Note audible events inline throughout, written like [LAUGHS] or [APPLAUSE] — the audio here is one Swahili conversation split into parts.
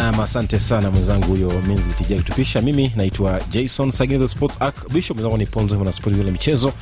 nam asante sana mwenzangu huyo menzitija kutupisha mimi naitwa jason saginezo mwenzangu ni ponzo mwanaspoti la michezo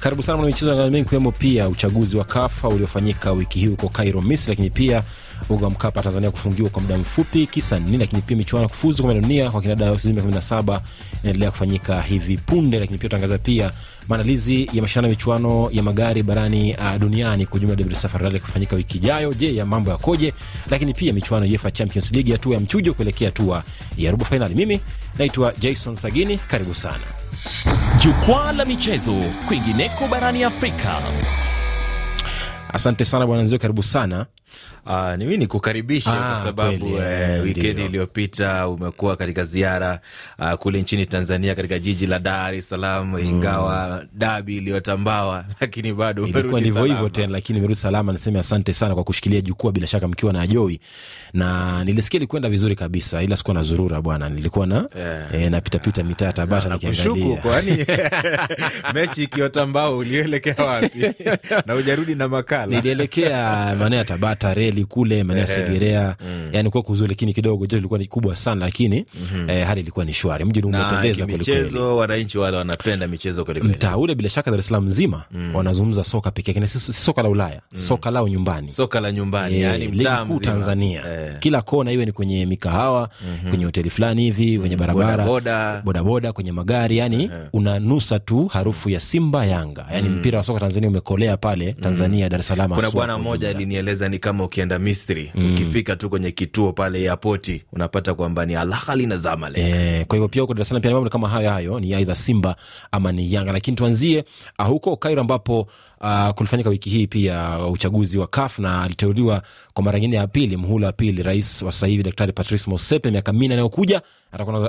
karibu sana mwana michezo na mengi ikiwemo pia uchaguzi wa kafa uliofanyika wiki hii huko cairo mis lakini pia uga mkapa tanzania kufungiwa kwa muda mfupi kisa nini lakini pia michuano kufuzu kwa la dunia kwa kinadada 2017 inaendelea kufanyika hivi punde lakini pia utangaza pia maandalizi ya mashindano ya michuano ya magari barani uh, duniani kwa ujumla Safari Rally kufanyika wiki ijayo. Je, ya mambo yakoje? Lakini pia michuano ya UEFA Champions League hatua ya mchujo kuelekea hatua ya robo fainali. Mimi naitwa Jason Sagini, karibu sana jukwaa la michezo kwingineko barani Afrika. Asante sana bwana Nzio, karibu sana Uh, ah, nimi ni kukaribisha ah, kwa sababu eh, eh wikendi iliyopita umekuwa katika ziara uh, kule nchini Tanzania katika jiji la Dar es Salaam mm. Ingawa dabi iliyotambawa [LAUGHS] lakini bado ilikuwa ndivyo hivyo tena, lakini umerudi salama. Nasema asante sana kwa kushikilia jukwaa, bila shaka mkiwa na Joy, na nilisikia ilikwenda vizuri kabisa, ila sikuwa na zurura bwana, nilikuwa na yeah. eh, napita pita mitaa Tabata ah, nikiangalia, kwani [LAUGHS] mechi ikiotambao ulielekea wapi? [LAUGHS] na ujarudi na makala nilielekea maeneo ya Tabata Tareli kule maeneo ya Segerea, mm. yani kwa kuzuri, lakini kidogo joto lilikuwa ni kubwa sana, lakini mm -hmm. eh, hali ilikuwa ni shwari, mji umetendeza kweli kweli. Michezo, wananchi wale wanapenda michezo kweli kweli. Mtaa ule bila shaka Dar es Salaam mzima mm. wanazungumza soka pekee lakini si soka la Ulaya, mm. soka lao nyumbani, soka la nyumbani, eh, yani mtaa mzima Tanzania, eh. kila kona, iwe ni kwenye mikahawa, mm -hmm. kwenye hoteli fulani hivi, mm, kwenye barabara, boda boda, kwenye magari, yani mm -hmm. unanusa tu harufu ya Simba Yanga, yani mpira wa soka Tanzania umekolea pale Tanzania, Dar es Salaam. Kuna bwana mmoja alinieleza ni kama ukienda Misri mm. ukifika tu kwenye kituo pale apoti unapata kwamba ni Al Ahly na Zamalek e, kwa hivyo pia huko Dar pia ni mambo kama hayo hayo, ni aidha Simba ama ni Yanga, lakini tuanzie ah, huko Kairo ambapo uh, kulifanyika wiki hii pia uchaguzi wa CAF na aliteuliwa kwa mara nyingine ya pili, mhula wa pili, rais wa sasa hivi Daktari Patrice Motsepe. Miaka minne anayokuja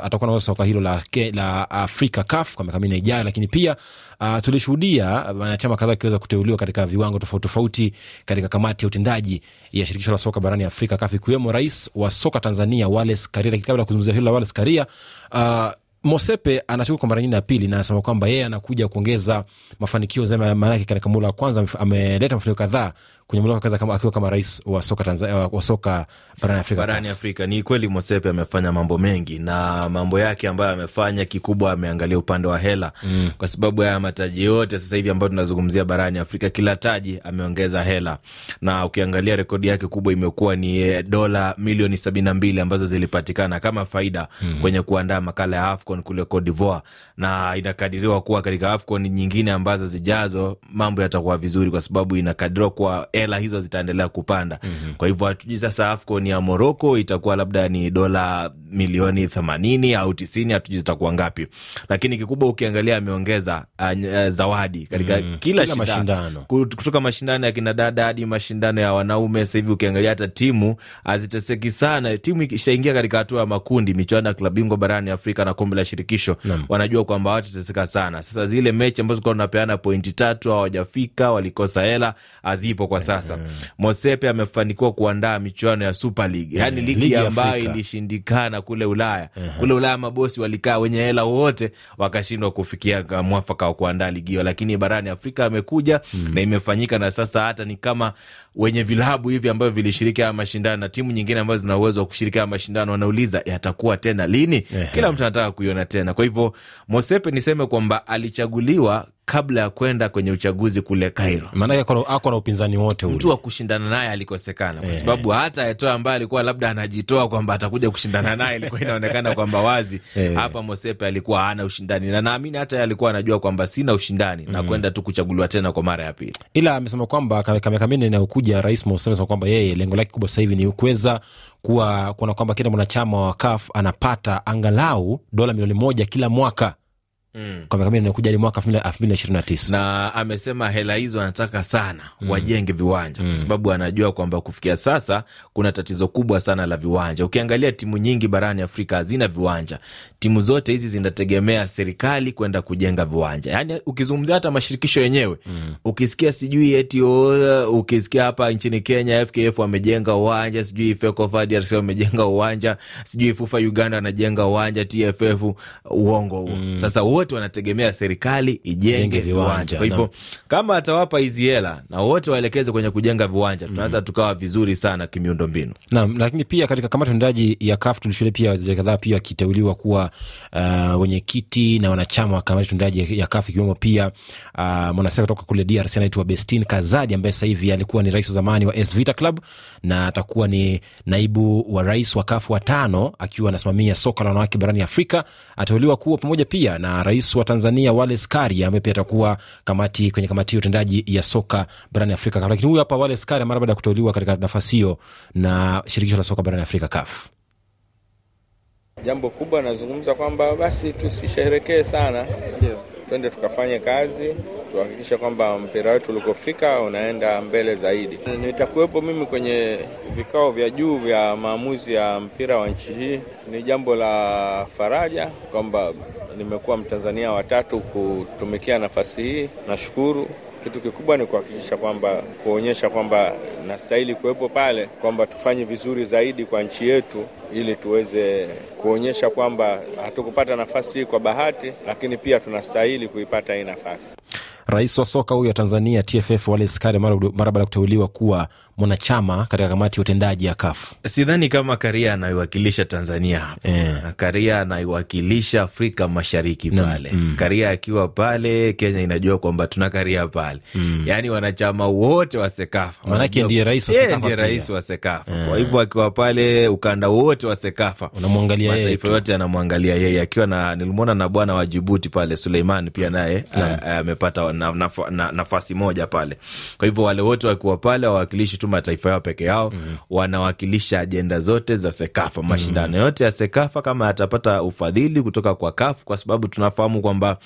atakuwa na soka hilo la, ke, la Afrika CAF kwa miaka minne ijayo. Lakini pia uh, tulishuhudia wanachama kadhaa wakiweza kuteuliwa katika viwango tofauti tofauti katika kamati ya utendaji ya shirikisho la soka barani Afrika CAF, ikiwemo rais wa soka Tanzania Wallace Karia. Lakini kabla ya kuzungumzia hilo la Wallace Karia uh, Mosepe anachukua kwa mara nyingine ya pili na anasema kwamba yeye anakuja kuongeza mafanikio zaidi, maanake katika muhula wa kwanza ameleta mafanikio kadhaa kwenye muhula wa kwanza kama, akiwa kama rais wa soka, Tanzania, wa soka barani Afrika, barani Afrika. Ni kweli Mosepe amefanya mambo mengi na mambo yake ambayo amefanya kikubwa ameangalia upande wa hela mm. kwa sababu haya mataji yote sasa hivi ambayo tunazungumzia barani Afrika, kila taji ameongeza hela, na ukiangalia rekodi yake kubwa imekuwa ni eh, dola milioni sabini na mbili ambazo zilipatikana kama faida mm. kwenye kuandaa makala ya AFCON AFCON kule Cote d'Ivoire, na inakadiriwa kuwa katika AFCON nyingine ambazo zijazo mambo yatakuwa vizuri, kwa sababu inakadiriwa kuwa hela hizo zitaendelea kupanda. mm -hmm. Kwa hivyo hatujui sasa AFCON ya Morocco itakuwa labda ni dola milioni themanini au tisini, hatujui zitakuwa ngapi, lakini kikubwa ukiangalia ameongeza uh, zawadi katika mm, kila, kila mashindano kutoka mashindano ya kinadada hadi mashindano ya wanaume. Sasa hivi ukiangalia hata timu haziteseki sana, timu ishaingia katika hatua ya makundi michuano ya klabu bingwa barani Afrika na kombe la shirikisho Naam. wanajua kwamba watateseka sana. Sasa zile mechi ambazo kuwa tunapeana pointi tatu hawajafika, walikosa hela, hazipo kwa eh, sasa. Mm. Mosepe amefanikiwa kuandaa michuano ya Super League, eh, yani mm. ligi, ligi ambayo ilishindikana kule Ulaya. Mm. Kule Ulaya mabosi walikaa wenye hela wote wakashindwa kufikia mwafaka wa kuandaa ligi hiyo, lakini barani Afrika amekuja mm. na imefanyika, na sasa hata ni kama wenye vilabu hivi ambavyo vilishiriki haya mashindano na timu nyingine ambazo zina uwezo wa kushiriki haya mashindano wanauliza yatakuwa tena lini? Ehe. Kila mtu anataka ku kuiona tena. Kwa hivyo Mosepe niseme kwamba alichaguliwa kabla ya kwenda kwenye uchaguzi kule Kairo. Maanake ako na upinzani wote mtu wa kushindana naye alikosekana, kwa eh. sababu hata Eto'o ambaye alikuwa labda anajitoa kwamba atakuja kushindana naye, ilikuwa inaonekana kwamba wazi [LAUGHS] eh. hapa Mosepe alikuwa hana ushindani, na naamini hata alikuwa anajua kwamba sina ushindani na mm. kwenda tu kuchaguliwa tena kwa mara ya pili, ila amesema kwamba miaka minne inayokuja, Rais Mosepe amesema kwamba yeye lengo lake kubwa sasa hivi ni kuweza kuwa kuona kwamba kila mwanachama wa CAF anapata angalau dola milioni moja kila mwaka Mm. Kwamba kamili inakuja hadi mwaka elfu mbili na ishirini na tisa na amesema hela hizo anataka sana mm. wajenge viwanja mm. kwa sababu anajua kwamba kufikia sasa kuna tatizo kubwa sana la viwanja. Ukiangalia timu nyingi barani Afrika hazina viwanja, timu zote hizi zinategemea serikali kwenda kujenga viwanja. Yani ukizungumzia hata mashirikisho yenyewe mm. ukisikia sijui eti ukisikia hapa nchini Kenya FKF wamejenga uwanja, sijui FECOFA DRC wamejenga uwanja, sijui FUFA Uganda wanajenga uwanja, TFF uongo huo mm. sasa wote wanategemea serikali ijenge viwanja. Kwa hivyo kama atawapa hizi hela na wote waelekeze kwenye kujenga viwanja, mm-hmm. tunaweza tukawa vizuri sana kimiundo mbinu. Naam, lakini pia katika kamati tendaji ya CAF tulishuhudia pia wachezaji kadhaa pia wakiteuliwa kuwa uh, wenyekiti na wanachama wa kamati tendaji ya CAF ikiwemo pia uh, mwanasiasa kutoka kule DRC anaitwa Bestin Kazadi ambaye sasa hivi alikuwa ni rais wa zamani wa AS Vita Club na atakuwa ni naibu wa rais wa CAF wa tano akiwa anasimamia soka la wanawake barani Afrika. Ateuliwa kuwa pamoja pia na Rais wa Tanzania Wallace Karia ambaye pia atakuwa kamati kwenye kamati ya utendaji ya soka barani Afrika CAF. Lakini huyu hapa Wallace Karia mara baada ya kuteuliwa katika nafasi hiyo na shirikisho la soka barani Afrika CAF. Jambo kubwa nazungumza kwamba basi tusisherekee sana, twende tukafanye kazi, tuhakikisha kwamba mpira wetu ulikofika unaenda mbele zaidi. Nitakuwepo mimi kwenye vikao vya juu vya maamuzi ya mpira wa nchi hii. Ni jambo la faraja kwamba nimekuwa Mtanzania watatu kutumikia nafasi hii. Nashukuru. Kitu kikubwa ni kuhakikisha kwamba kuonyesha kwamba nastahili kuwepo pale, kwamba tufanye vizuri zaidi kwa nchi yetu, ili tuweze kuonyesha kwamba hatukupata nafasi hii kwa bahati, lakini pia tunastahili kuipata hii nafasi. Rais wa soka huyo wa Tanzania TFF Wallace Karia mara baada ya kuteuliwa kuwa mwanachama katika kamati ya utendaji ya kafu. Sidhani kama Karia anaiwakilisha Tanzania hapo yeah. Karia anaiwakilisha Afrika Mashariki pale mm. Karia akiwa pale Kenya inajua kwamba tuna Karia pale mm. Yani wanachama wote wa SEKAFA manake ndiye rais wa SEKAFA, ndiye rais wa SEKAFA. Yeah. Kwa hivyo akiwa pale ukanda wote wa SEKAFA unamwangalia yeye, mataifa yote anamwangalia yeye akiwa na, nilimwona na bwana wa Jibuti pale Suleiman pia naye eh, amepata na, na, na, na, nafasi moja pale. Kwa hivyo wale wote wakiwa pale wawakilishi tu tu mataifa yao peke yao mm-hmm. wanawakilisha ajenda zote za SEKAFA mashindano mm-hmm. yote ya SEKAFA kama yatapata ufadhili kutoka kwa kafu, kwa sababu tunafahamu kwamba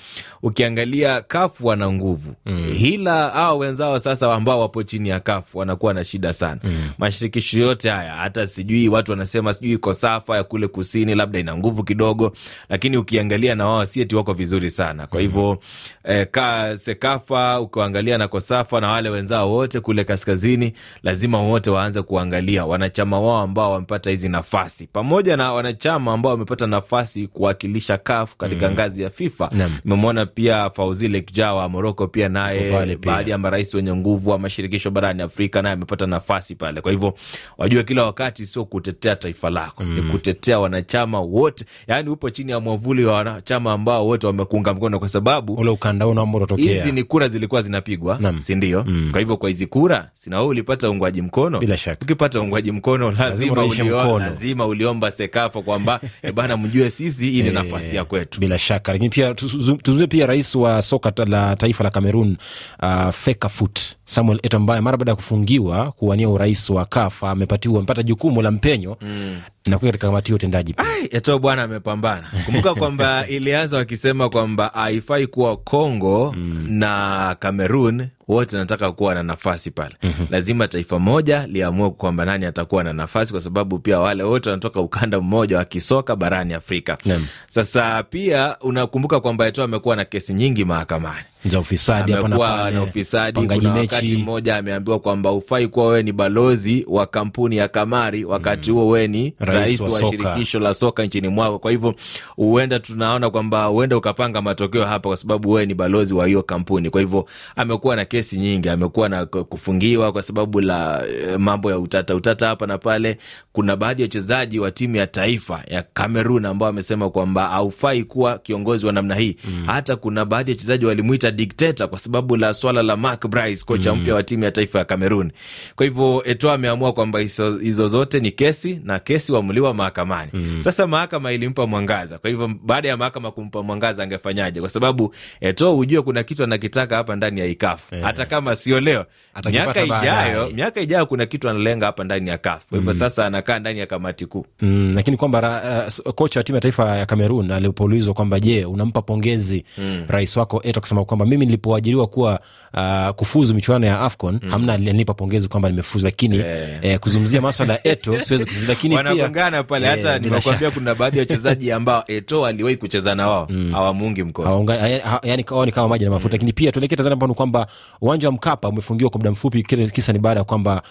ukiangalia kafu wana nguvu mm-hmm. hila au wenzao sasa ambao wapo chini ya kafu wanakuwa na shida sana mm-hmm. mashirikisho yote haya, hata sijui watu wanasema sijui kosafa ya kule kusini labda ina nguvu kidogo, lakini ukiangalia na wao sieti wako vizuri sana. Kwa mm. hivyo mm-hmm. eh, ka, SEKAFA ukiangalia na kosafa na wale wenzao wote kule kaskazini la lazima wote waanze kuangalia wanachama wao ambao wamepata hizi nafasi pamoja na wanachama ambao wamepata nafasi kuwakilisha CAF katika mm. ngazi ya FIFA. Imemwona pia Fauzi Lekjaa wa Moroko pia naye, baadhi ya marais wenye nguvu wa mashirikisho barani Afrika naye amepata nafasi pale. Kwa hivyo wajue kila wakati sio kutetea taifa lako mm. ni kutetea wanachama wote, yani upo chini ya mwavuli wa wanachama ambao wote wamekuunga mkono, kwa sababu ule ukanda unamrotokea. Hizi ni kura zilikuwa zinapigwa, si ndio? mm. kwa hivyo kwa hizi kura sina wewe ulipata uungwaji mkono. Bila shaka ukipata uungwaji mkono lazima, lazima, ulio, mkono. lazima uliomba Sekafa kwamba eh, bana, mjue sisi hii ni e, nafasi ya kwetu. Bila shaka lakini pia tuzungumzie pia rais wa soka la taifa la Cameroon uh, Fecafoot Samuel Eto'o ambaye mara baada ya kufungiwa kuwania urais wa kafa amepatiwa amepata jukumu la mpenyo mm na kuwa katika kamati ya utendaji Eto'o bwana amepambana. Kumbuka [LAUGHS] kwamba ilianza wakisema kwamba haifai kuwa Congo mm. na Cameroon wote nataka kuwa na nafasi pale. mm -hmm. Lazima taifa moja liamue kwamba nani atakuwa na nafasi, kwa sababu pia wale wote wanatoka ukanda mmoja wa kisoka barani Afrika. mm -hmm. Sasa pia unakumbuka kwamba Eto'o amekuwa na kesi nyingi mahakamani za ufisadi hapa na pale na ufisadi. Kuna wakati mmoja ameambiwa kwamba ufai kuwa wewe ni balozi wa kampuni ya Kamari, wakati mm. huo mm, wewe ni rais wa, shirikisho la soka nchini mwako. Kwa hivyo huenda tunaona kwamba huenda ukapanga matokeo hapa, kwa sababu wewe ni balozi wa hiyo kampuni. Kwa hivyo amekuwa na kesi nyingi, amekuwa na kufungiwa kwa sababu la eh, mambo ya utata utata hapa na pale. Kuna baadhi ya wachezaji wa timu ya taifa ya Kamerun ambao wamesema kwamba haufai kuwa kiongozi wa namna hii mm. Hata kuna baadhi ya wachezaji walimwita dikteta kwa sababu la swala la Mark Bryce, kocha mm. mpya wa timu ya taifa ya Cameroon. Kwa hivyo Eto ameamua kwamba hizo, hizo zote ni kesi na kesi wamuliwa mahakamani. Mm. Sasa mahakama ilimpa mwangaza. Kwa hivyo baada ya mahakama kumpa mwangaza angefanyaje? Kwa sababu Eto, hujue kuna kitu anakitaka hapa ndani ya ikafu. Yeah. Hata kama sio leo, miaka ijayo, miaka ijayo kuna kitu analenga hapa ndani ya kafu. Kwa hivyo mm. sasa anakaa ndani ya kamati kuu. Mm, lakini kwamba uh, kocha wa timu ya taifa ya Cameroon alipoulizwa kwamba je, unampa pongezi mm. rais wako Eto kusema kwamba kwamba mimi nilipoajiriwa kuwa uh, kufuzu michuano ya AFCON mm. hamna alinipa pongezi kwamba nimefuzu, lakini yeah. eh, kuzungumzia maswala ya [LAUGHS] Eto siwezi kuzungumzia, lakini wanagongana pale hata eh, nimekuambia kuna baadhi ya wachezaji ambao Eto aliwahi kucheza na wao mm. hawamuungi mkono, eh, yani wao ni kama maji na mm. mafuta mm. lakini pia tuelekee Tanzania ambao kwamba uwanja wa Mkapa umefungiwa kwa muda mfupi, kile kisa ni baada ya kwamba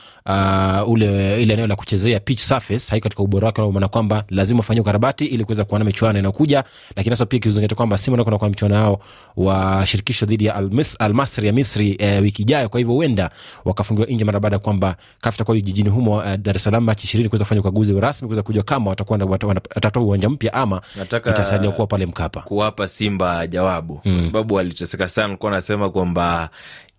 uh, ule ile eneo la kuchezea pitch surface haiko katika ubora wake, maana kwamba lazima ufanyiwe ukarabati ili kuweza kuona michuano inakuja, lakini sasa pia kizingatia kwamba Simba na kwa michuano yao wa shirikisho kesho dhidi ya Almasri ya Misri eh, wiki ijayo. Kwa hivyo huenda wakafungiwa nje mara baada ya kwamba CAF itakuwa jijini humo eh, Dar es Salaam Machi ishirini kuweza kufanya ukaguzi rasmi kuweza kujua kama watakuwa watatoa uwanja mpya ama itasalia kuwa pale Mkapa. Kuwapa Simba jawabu mm, kwa hmm. sababu waliteseka sana, walikuwa wanasema kwamba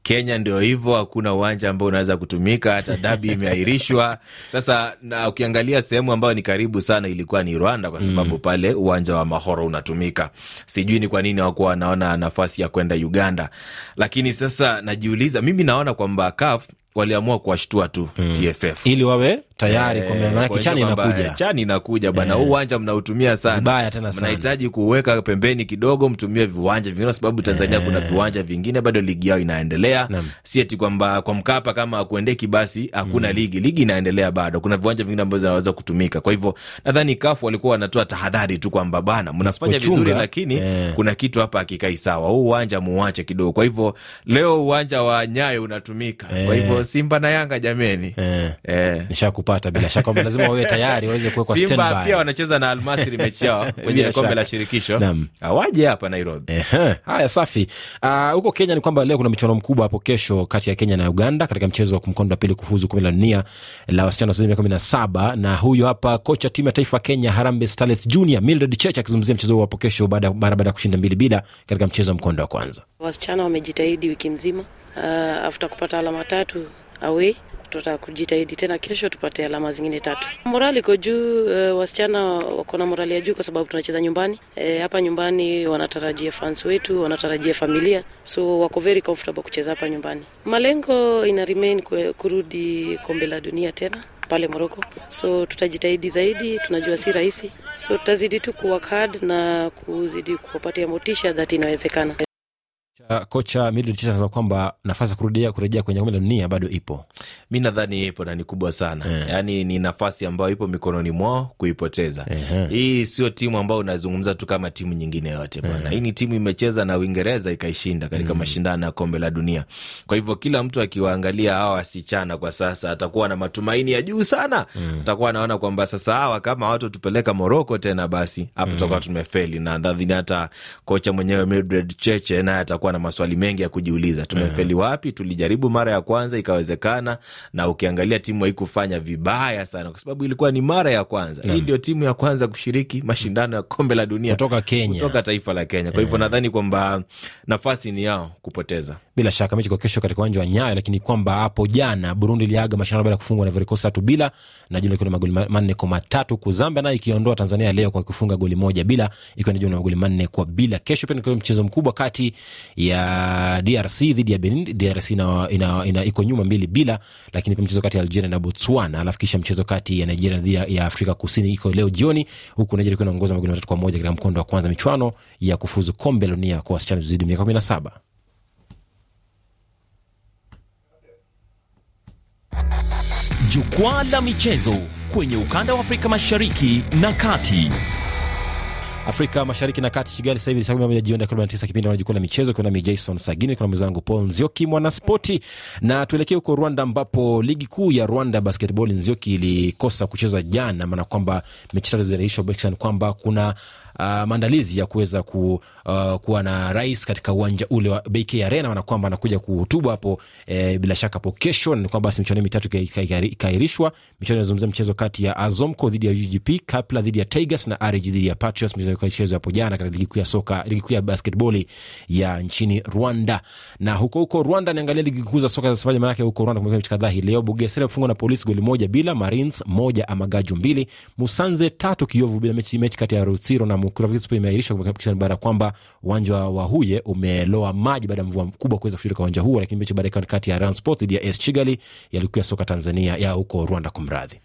Kenya ndio hivyo, hakuna uwanja ambao unaweza kutumika, hata dabi [LAUGHS] imeahirishwa. Sasa na ukiangalia sehemu ambayo ni karibu sana ilikuwa ni Rwanda, kwa mm. sababu pale uwanja wa Mahoro unatumika. Sijui ni kwa nini hawakuwa wanaona nafasi ya kwenda Uganda, lakini sasa najiuliza mimi, naona kwamba CAF waliamua kuwashtua tu mm. TFF ili wawe tayari kwa maana yake chani inakuja, eh, chani inakuja bana. Huu eh. uwanja mnautumia sana vibaya tena sana, mnahitaji kuweka pembeni kidogo, mtumie viwanja vingine, sababu Tanzania eh. kuna viwanja vingine bado ligi yao inaendelea. Si eti kwamba kwa Mkapa kama hakuendeki basi hakuna mm. ligi, ligi inaendelea bado, kuna viwanja vingine ambavyo vinaweza kutumika. Kwa hivyo nadhani CAF walikuwa wanatoa tahadhari tu kwamba bana, mnafanya vizuri, lakini kuna kitu hapa hakikai sawa, huu uwanja muache kidogo. Kwa hivyo leo uwanja wa Nyayo unatumika, kwa hivyo Simba na Yanga jameni, nishakupa kupata bila shaka kwamba lazima wawe tayari waweze kuwekwa standby. Simba pia wanacheza na Almasri mechi yao [LAUGHS] kwenye kombe la shirikisho, waje hapa Nairobi. Ehe, haya safi. Uh, huko Kenya ni kwamba leo kuna michuano mkubwa hapo kesho kati ya Kenya na Uganda katika mchezo wa mkondo wa pili kufuzu kombe la dunia la wasichana wa miaka kumi na saba na huyo hapa kocha timu ya taifa Kenya Harambee Starlets Junior Mildred Church akizungumzia mchezo huo hapo kesho baada baada ya kushinda mbili bila katika mchezo wa mkondo wa kwanza. Wasichana wamejitahidi wiki mzima, uh, ah, after kupata alama tatu away tutakujitahidi tena kesho tupate alama zingine tatu. Morali iko juu e, wasichana wako na morali ya juu kwa sababu tunacheza nyumbani e, hapa nyumbani wanatarajia fans wetu, wanatarajia familia, so wako very comfortable kucheza hapa nyumbani. Malengo ina remain kurudi kombe la dunia tena pale Moroko, so tutajitahidi zaidi. Tunajua si rahisi, so tutazidi tu ku hard na kuzidi kuwapatia motisha that inawezekana kocha anasema kwamba nafasi ya kurudia kurejea kwenye kombe la dunia bado ipo. Mi nadhani ipo na ni kubwa sana yeah. Yani ni nafasi ambayo ipo mikononi mwao kuipoteza. yeah. Hii sio timu ambayo unazungumza tu kama timu nyingine yote bwana. yeah. Hii ni timu imecheza na Uingereza ikaishinda katika mm. mashindano ya kombe la dunia. Kwa hivyo kila mtu akiwaangalia hawa wasichana kwa sasa atakuwa na matumaini ya juu sana mm. atakuwa anaona kwamba sasa hawa kama watu tupeleka Moroko tena, basi hapo tutakuwa mm. tumefeli, na nadhani hata kocha mwenyewe Mildred Cheche naye atakuwa na maswali mengi ya kujiuliza, tumefeli mhm. wapi? Tulijaribu mara ya kwanza ikawezekana, na ukiangalia timu haikufanya vibaya sana, kwa sababu ilikuwa ni mara ya kwanza. Hii ndio timu ya kwanza kushiriki mashindano ya kombe la dunia kutoka Kenya, kutoka taifa la Kenya. Kwa hivyo eh. nadhani kwamba nafasi ni yao kupoteza. Bila shaka mechi kwa kesho katika uwanja wa Nyayo, lakini kwamba hapo jana Burundi iliaga mashindano baada ya kufungwa na Ivory Coast tatu bila na jumla ikiwa na magoli manne kwa matatu huku Zambia nayo ikiondoa Tanzania leo kwa kufunga goli moja bila ikiwa na jumla magoli manne kwa bila. Kesho pia ni mchezo mkubwa kati ya DRC dhidi ya Benin. DRC ina, ina, ina iko nyuma mbili bila, lakini pia mchezo kati ya Algeria na Botswana, alafu kisha mchezo kati ya Nigeria dhidi ya Afrika Kusini iko leo jioni, huku Nigeria ikiwa inaongoza magoli matatu kwa moja katika mkondo wa kwanza michuano ya kufuzu kombe la dunia kwa wasichana zaidi ya miaka kumi na saba. Jukwaa la michezo kwenye ukanda wa Afrika Mashariki na Kati. Afrika Mashariki na Kati, Kigali sasa hivi saa kumi moja jioni arobaini tisa kipindi na jukwaa la michezo, kuna nami Jason Sagini, kuna mwenzangu Paul Nzioki, mwanaspoti, na tuelekee huko Rwanda ambapo ligi kuu ya Rwanda basketball, Nzioki, ilikosa kucheza jana, maana kwamba mechi tatu kwamba kuna uh, maandalizi ya kuweza ku uh, kuwa na rais katika uwanja ule wa BK Arena na kwamba anakuja kuhutubu hapo e, bila shaka hapo kesho. Ni kwamba basi michuano mitatu ikaahirishwa. Michuano inazungumzia mchezo kati ya Azomco dhidi ya UGP, Kapla dhidi ya Tigers na RG dhidi ya Patriots, michezo iliyochezwa hapo jana katika ligi kuu ya soka, ligi kuu ya basketball ya nchini Rwanda. Na huko huko Rwanda niangalia ligi kuu za soka za safari, maana yake huko Rwanda kumekuwa mechi kadhaa hii leo. Bugesera kufungwa na Polisi goli moja bila, Marines moja, Amagaju mbili, Musanze tatu, Kiyovu bila. Mechi mechi kati ya Rutsiro na Mukura Victory imeahirishwa kumekuwa baada kwamba uwanja wa Huye umeloa maji baada ya mvua kubwa kuweza kushirika uwanja huo, lakini mechi baada ya kati ya Ryan Sports dhidi ya AS Kigali yalikuwa soka Tanzania ya huko Rwanda, kumradhi.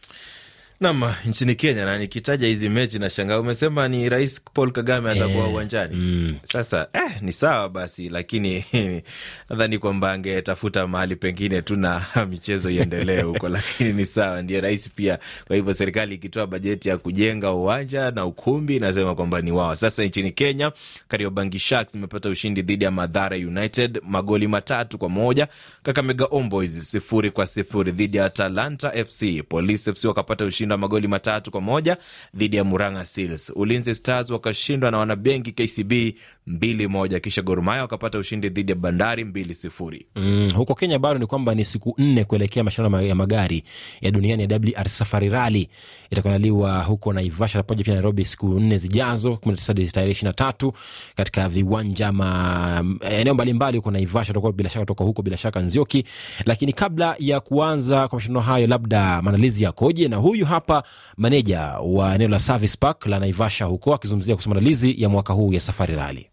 Nam nchini Kenya, na nikitaja hizi mechi na shangaa. Umesema ni Rais Paul Kagame atakuwa eh, uwanjani mm. Sasa eh, ni sawa basi, lakini [LAUGHS] nadhani kwamba angetafuta mahali pengine tu na [LAUGHS] michezo iendelee huko, [LAUGHS] lakini ni sawa, ndiye rais pia. Kwa hivyo serikali ikitoa bajeti ya kujenga uwanja na ukumbi inasema kwamba ni wao. Sasa nchini Kenya, Kariobangi Sharks imepata ushindi dhidi ya Madhara United magoli matatu kwa moja, Kakamega Omboys sifuri kwa sifuri dhidi ya Atalanta FC. Polisi FC wakapata ushindi kushinda magoli matatu kwa moja dhidi ya Muranga Seals. Ulinzi Stars wakashindwa na wanabenki KCB mbili moja, kisha Gor Mahia wakapata ushindi dhidi ya Bandari mbili sifuri. Mm, huko Kenya bado ni kwamba ni siku nne kuelekea mashindano ya magari ya duniani ya WRC Safari Rali itakuandaliwa huko Naivasha pamoja pia Nairobi siku nne zijazo, kumi na tisa hadi tarehe ishirini na tatu katika viwanja ma eneo mbalimbali huko Naivasha. Tutakuwa bila shaka toka huko bila shaka Nzioki, lakini kabla ya kuanza kwa mashindano hayo, labda maandalizi yakoje? Na huyu hapa hapa maneja wa eneo la service park la Naivasha huko akizungumzia kuhusu maandalizi ya mwaka huu ya safari rali.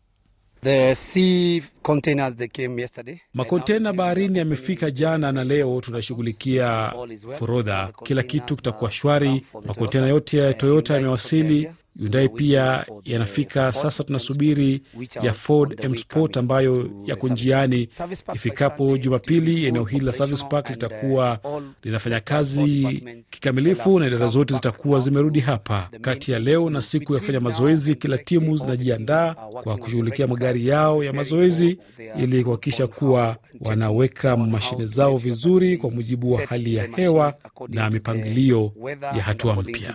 Makontena baharini yamefika jana na leo tunashughulikia forodha. Kila kitu kitakuwa shwari. Makontena yote ya Toyota yamewasili Hyundai pia yanafika sasa. Tunasubiri ya Ford M Sport ambayo yako njiani. Ifikapo Jumapili, eneo hili la Service Park uh, litakuwa linafanya kazi kikamilifu na idara zote zitakuwa zimerudi hapa. Kati ya leo na siku ya kufanya mazoezi, kila timu zinajiandaa kwa kushughulikia magari yao ya mazoezi ili kuhakikisha kuwa wanaweka mashine zao vizuri kwa mujibu wa hali ya hewa na mipangilio ya hatua mpya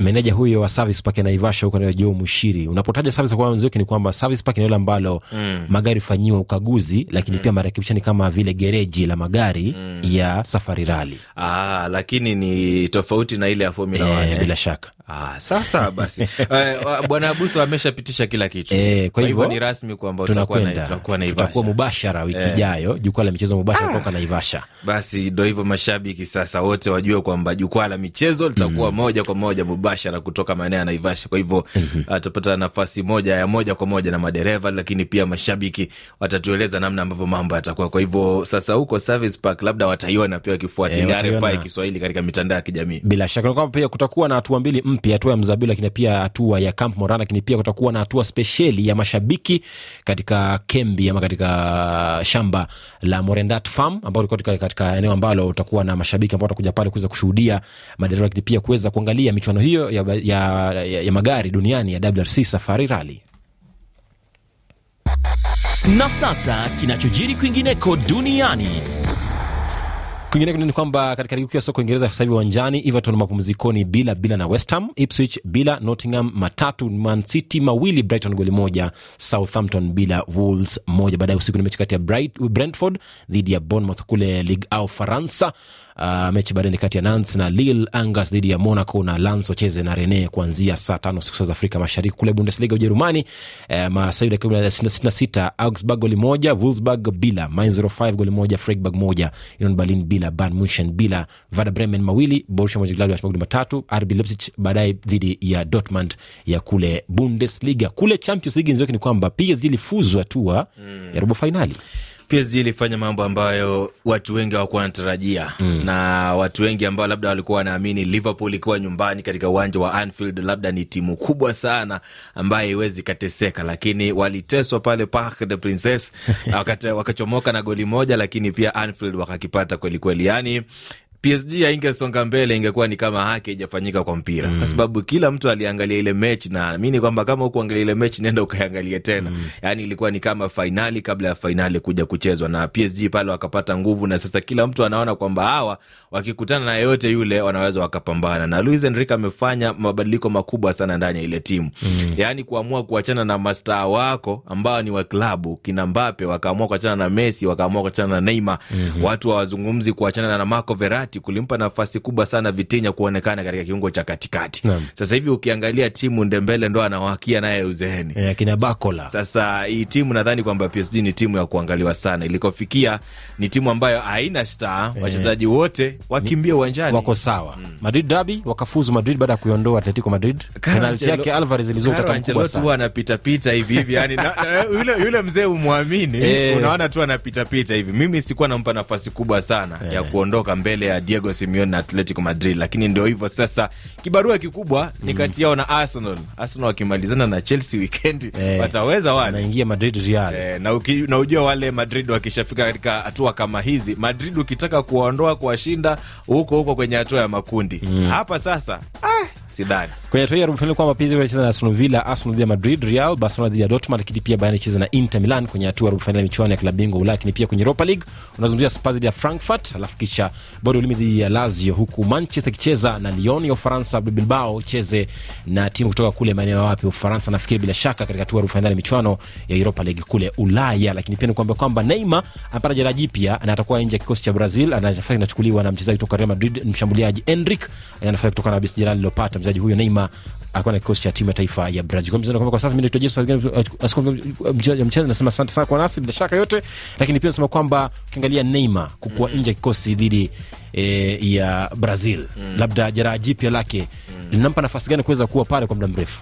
meneja huyo wa service park ya Naivasha huko anaitwa Joe Mushiri. Unapotaja service park mwanzo ni kwamba service park ni yule ambalo mm. magari fanyiwa ukaguzi lakini mm. pia marekebisho ni kama vile gereji la magari mm. ya safari Rally. Ah, lakini ni tofauti na ile ya Formula 1. Eh, e, eh. bila shaka. Ah, sasa basi [LAUGHS] eh, bwana Abuso ameshapitisha kila kitu e, kwa hivyo ni rasmi kwamba tutakuwa mubashara wiki eh. ijayo e, jukwaa la michezo mubashara ah. kutoka Naivasha. Basi ndo hivyo, mashabiki sasa wote wajue kwamba jukwaa la michezo litakuwa mm, moja kwa moja mubashara kutoka maeneo ya Naivasha. Kwa hivyo mm -hmm, tutapata nafasi moja ya moja kwa moja na madereva, lakini pia mashabiki watatueleza namna ambavyo mambo yatakuwa. Kwa hivyo sasa huko Service Park labda wataiona pia wakifuatilia RFI Kiswahili katika mitandao ya kijamii. Bila shaka kwamba pia kutakuwa na hatua mbili mpya mpya, hatua ya Mzabibu, lakini pia hatua ya Camp Moran, lakini pia kutakuwa na hatua spesheli ya mashabiki katika kembi ama katika shamba la Morendat Farm ambao liko katika eneo ambalo utakuwa na mashabiki ambao watakuja pale kuweza kushuhudia madereva, lakini pia kuweza kuangalia michuano hiyo ya, ya, ya, ya magari duniani ya WRC Safari Rally. Na sasa kinachojiri kwingineko duniani Kwingineko ni kwamba katika ligi kuu ya soka Uingereza sasa hivi uwanjani Everton mapumzikoni bila bila na West Ham, Ipswich bila, Nottingham matatu, Man City mawili, Brighton goli moja, Southampton bila, Wolves moja. Baadaye usiku ni mechi kati ya Brentford dhidi ya Bournemouth kule Ligue au Faransa. Uh, mechi baadaye ni kati ya Nantes na Lille, Angers dhidi ya Monaco na Lens wacheze na Rene kuanzia saa tano siku za Afrika Mashariki. Kule Bundesliga Ujerumani, eh, masaidi ya sitini na sita Augsburg goli moja Wolfsburg bila, Mainz 05 goli moja Freiburg moja Union Berlin bila, Bayern Munchen bila, Werder Bremen mawili Borussia Monchengladbach magoli matatu RB Leipzig baadaye dhidi ya Dortmund ya kule Bundesliga. Kule Champions League nzioke ni kwamba PSG ilifuzu hatua ah, mm. ya robo fainali PSG ilifanya mambo ambayo watu wengi hawakuwa wanatarajia mm. na watu wengi ambao labda walikuwa wanaamini Liverpool ikiwa nyumbani katika uwanja wa Anfield labda ni timu kubwa sana ambayo iwezi ikateseka, lakini waliteswa pale Parc des Princes [LAUGHS] wakachomoka na goli moja, lakini pia Anfield wakakipata kwelikweli, yani PSG haingesonga mbele, ingekuwa ni kama haki haijafanyika kwa mpira mm. kwa sababu kila mtu aliangalia ile mechi, na naamini kwamba kama ukuangalia ile mechi, nenda ukaiangalia tena mm. Yani ilikuwa ni kama fainali kabla ya fainali kuja kuchezwa, na PSG pale wakapata nguvu, na sasa kila mtu anaona kwamba hawa wakikutana na yeyote yule wanaweza wakapambana, na Luis Enrique amefanya mabadiliko makubwa sana ndani ya ile timu mm. Yani kuamua kuachana na mastaa wako ambao ni wa klabu kina Mbappe, wakaamua kuachana na Messi, wakaamua kuachana na Neymar mm -hmm. watu hawazungumzi kuachana na Marco Verratti kati kulimpa nafasi kubwa sana Vitinya kuonekana katika kiungo cha katikati. Sasa hivi ukiangalia timu Ndembele ndo anawakia naye uzeeni e, akina Bakola. Sasa hii timu nadhani kwamba PSG ni timu ya kuangaliwa sana, ilikofikia ni timu ambayo haina star e, wachezaji wote wakimbia uwanjani wako sawa mm. Madrid dabi wakafuzu Madrid baada ya kuiondoa Atletico Madrid, penalti yake Alvarez ilizokuwa utata mkubwa sana, anapita pita hivi hivi yani na, na, eh, yule, yule mzee umwamini e, unaona tu anapita pita hivi. Mimi sikuwa nampa nafasi kubwa sana e, ya kuondoka mbele ya Diego Simeone na Atletico Madrid, lakini ndio hivyo sasa. Kibarua kikubwa ni mhm. kati yao na Arsenal. Arsenal wakimalizana na Chelsea weekend [LAUGHS] eh, wataweza wale wanaingia Madrid Real eh, na, uki, na ujua wale Madrid wakishafika katika hatua kama hizi, Madrid ukitaka kuwaondoa kuwashinda huko huko kwenye hatua ya makundi mm. hapa sasa ah, sidhani kwenye hatua ya robo fainali kwamba PSG wanacheza na Aston Villa, Arsenal dhidi ya Madrid, Real Barcelona dhidi ya Dortmund, lakini pia Bayern icheza na Inter Milan kwenye hatua ya robo fainali ya michuano ya klabu bingwa Ulaya, lakini pia kwenye Europa League unazungumzia Spurs dhidi ya Frankfurt, alafu kisha bado Milan dhidi ya Lazio, huku Manchester ikicheza na Lyon ya Ufaransa, Bilbao cheze na timu kutoka kule maeneo wapi Ufaransa nafikiri, bila shaka katika hatua ya robo fainali michuano ya Europa League kule Ulaya. Lakini pia nikuambia kwamba Neymar amepata jeraha jipya na atakuwa nje ya kikosi cha Brazil, na nafasi inachukuliwa na mchezaji kutoka Real Madrid, mshambuliaji Endrick, anafaa kutokana na jeraha lilopata mchezaji huyo Neymar akiwa na kikosi cha timu ya taifa ya Brazil. Kwa mchezaji kwa sasa mimi ndio Jesus eh, mchezaji mchezaji, nasema asante sana kwa nasi bila shaka yote, lakini pia nasema kwamba ukiangalia Neymar kukua mm. nje ya kikosi dhidi e, ya Brazil, mm. labda jeraha jipya lake mm. linampa nafasi gani kuweza kuwa pale kwa muda mrefu?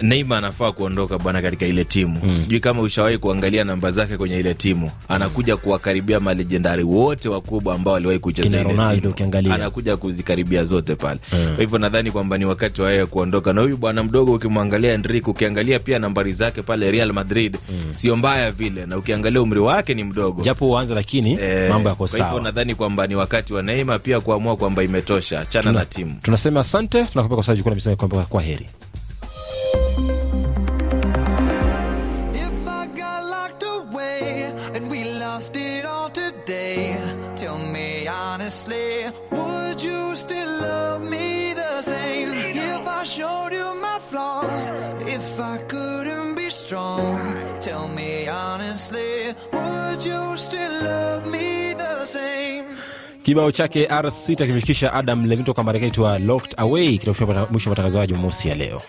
Neymar anafaa kuondoka bwana katika ile timu mm. Sijui kama ushawahi kuangalia namba zake kwenye ile timu, anakuja kuwakaribia malejendari wote wakubwa ambao waliwahi kucheza ile Ronaldo, anakuja kuzikaribia zote pale mm. Kwa hivyo nadhani kwamba ni wakati wa yeye kuondoka, na huyu bwana mdogo ukimwangalia Enrique, ukiangalia pia nambari zake pale Real Madrid mm. sio mbaya vile, na ukiangalia umri wake ni mdogo japo uanza, lakini e, mambo yako sawa. Kwa hivyo nadhani kwamba ni wakati wa Neymar pia kuamua kwamba imetosha, chana na timu. Tunasema asante, tunakupa kwa sababu kuna msingi kwamba kwa heri. strong. Tell me honestly, would you still love me the same? Kibao chake R6 akimshirikisha Adam Levine toka Marekani itwa Locked Away mwisho wa matangazo ya Jumamosi ya leo.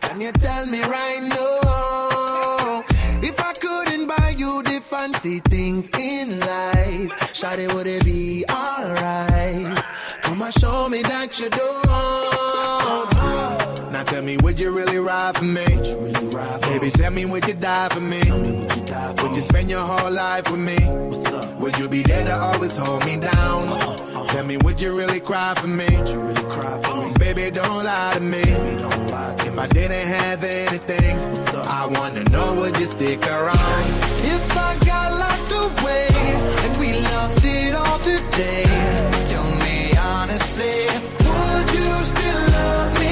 Can you tell me right now if I couldn't buy you the fancy things in life, Shawty would it be alright? Come show me that you don't. Now tell me, would you really ride for me? Really ride for Baby, me. tell me, would you die for me? Tell me would you die for would me? you spend your whole life with me? What's up? Would you be there to always hold me down? Uh Uh Tell me, would you really cry for me? you really cry for me? Baby, don't lie to me. Baby, don't lie to if me. I didn't have anything, I wanna know, would you stick around? If I got locked away and we lost it all today, tell me honestly, would you still love me?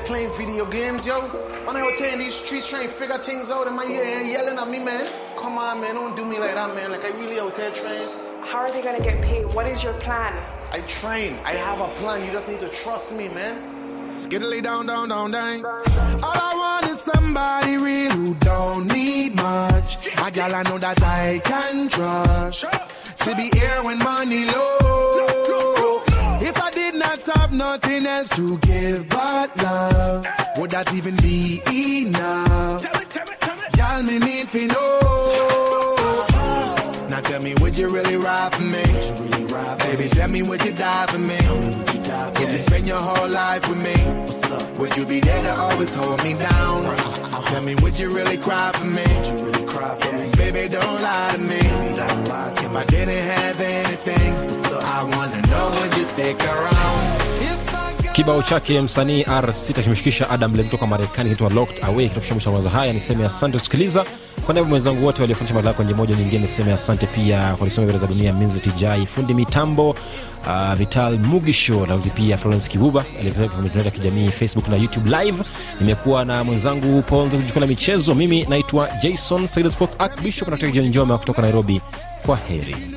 there playing video games, yo. When I was tearing these streets trying to figure things out in my ear and yelling at me, man. Come on, man, don't do me like that, man. Like, I really out there trying. How are they gonna get paid? What is your plan? I train. I have a plan. You just need to trust me, man. Skiddly down, down, down, down. All I want is somebody real who don't need much. A gal I know that I can trust. To be here when money low. If I did not have nothing else to give but love, would that even be enough? Y'all me need to know. Now tell me, would you really ride for me? Really ride for Baby, me. tell me, would you die for me? Would you, spend your whole life with me? Would you be there to always hold me down? Uh-huh. Tell me, would you really cry for me? Really cry for me? Baby, don't lie to me. Lie. If I didn't have anything, I wanna know Kibao chake msanii R6 kimeshikisha Adam le kutoka Marekani, kinaitwa Locked Away. Kitakusha mawazo haya, niseme asante usikiliza Kwa niaba mwenzangu wote waliofundisha mada yako nje moja nyingine, niseme asante pia kwa lisoma za dunia Minzetijai, fundi mitambo uh, Vital Mugisho, lakini pia Florence Kibuba aliyepeleka kwenye mitandao ya kijamii Facebook na YouTube live. Nimekuwa na mwenzangu Ponzo kujukwaa la michezo. Mimi naitwa Jason Said Sports Ak Bishop na kutoka jijini Njoma kutoka Nairobi. Kwa heri.